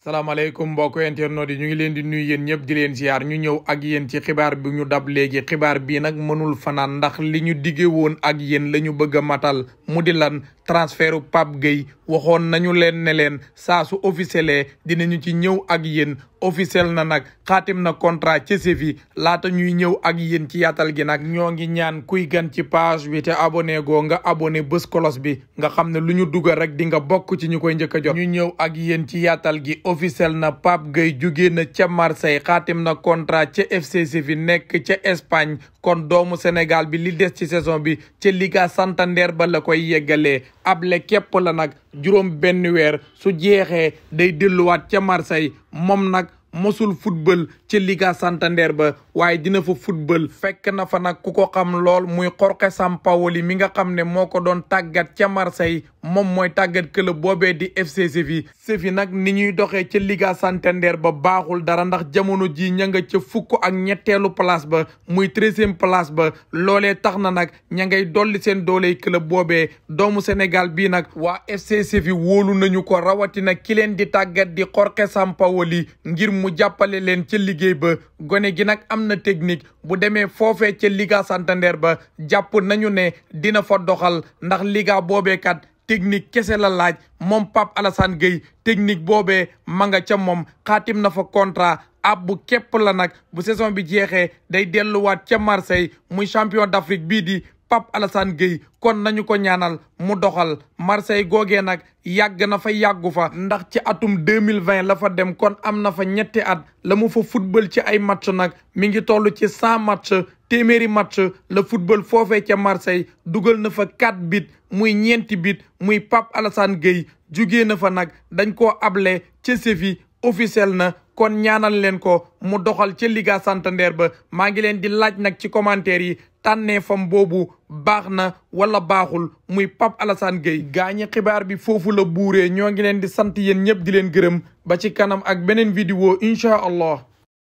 salaamaaleykum mbokk internautes yi ñu ngi leen di nuyu yéen ñëpp di leen ziar ñu ñëw ak yéen ci xibaar bi ñu dab léegi xibaar bii nag mënul fanaan ndax li ñu diggee woon ak yéen la ñu bëgg a matal mu di lan transfertu Pape Gueye waxoon nañu leen ne leen saa su officiel dinañu ci ñëw ak yéen officiel na nag xaatim na contrat ci Séville laata ñuy ñëw ak yéen ci yaatal gi nag ñoo ngi ñaan kuy gan ci page bi ca abonné goo nga abonné bés kolos bi nga xam ne lu ñu dugal rek di nga bokk ci ñu koy njëkk a jot ñu ñëw ak yéen ci yaatal gi officiel na Pape Gueye jóge na ca Marseille xaatim na contrat ca FC Séville nekk ca Espagne kon doomu Sénégal bi li des ci saison bi ca Liga Santander ba la koy yeggalee able képp la nag juróom benn weer su jeexee day delluwaat ca Marseille moom nag mosul football ca Liga Santander ba waaye dina fa football fekk na fa nag ku ko xam lool muy Jorge Sampaoli mi nga xam ne moo ko doon tàggat ca Marseille moom mooy tàggat club boobee di FC Séville Séville nag ni ñuy doxee ca Liga Santander ba baaxul dara ndax jamono ji ña nga ca fukk ak ñetteelu place ba muy treizième place ba loolee tax na nag ña ngay dolli seen dooley club boobee doomu Sénégal bii nag waa FC Séville wóolu nañu ko rawatina ki leen di tàggat di Jorge Sampaoli ngir mu jàppale leen ca liggéey ba gone gi na technique bu demee foofee ca Liga Santander ba jàpp nañu ne dina fa doxal ndax Liga boobeekat technique kese la laaj moom Pape Alassane Gueye technique boobee ma nga ca moom xaatim na fa contrat ab bu képp la nag bu saison bi jeexee day delluwaat ca Marseille muy champion d'Afrique bii di Pape Alassane Gueye kon nañu ko ñaanal mu doxal Marseille googee nag yàgg na fa yàggu fa ndax ci atum deux mille vingt la fa dem kon am na fa ñetti at la mu fa football ci ay match nag mi ngi toll ci cent match téeméeri match la football foofee ca Marseille dugal na fa quatre bit muy ñeenti bit muy Pape Alassane Gueye jugee na fa nag dañ ko able ci Séville officiel na kon ñaanal leen ko mu doxal ca Liga Santander ba maa ngi leen di laaj nag ci commentaire yi tànneefam boobu baax na wala baaxul muy Pape Alassane Gueye gaañi xibaar bi foofu la buuree ñoo ngi leen di sant yéen ñëpp di leen gërëm ba ci kanam ak beneen vidéo incha allah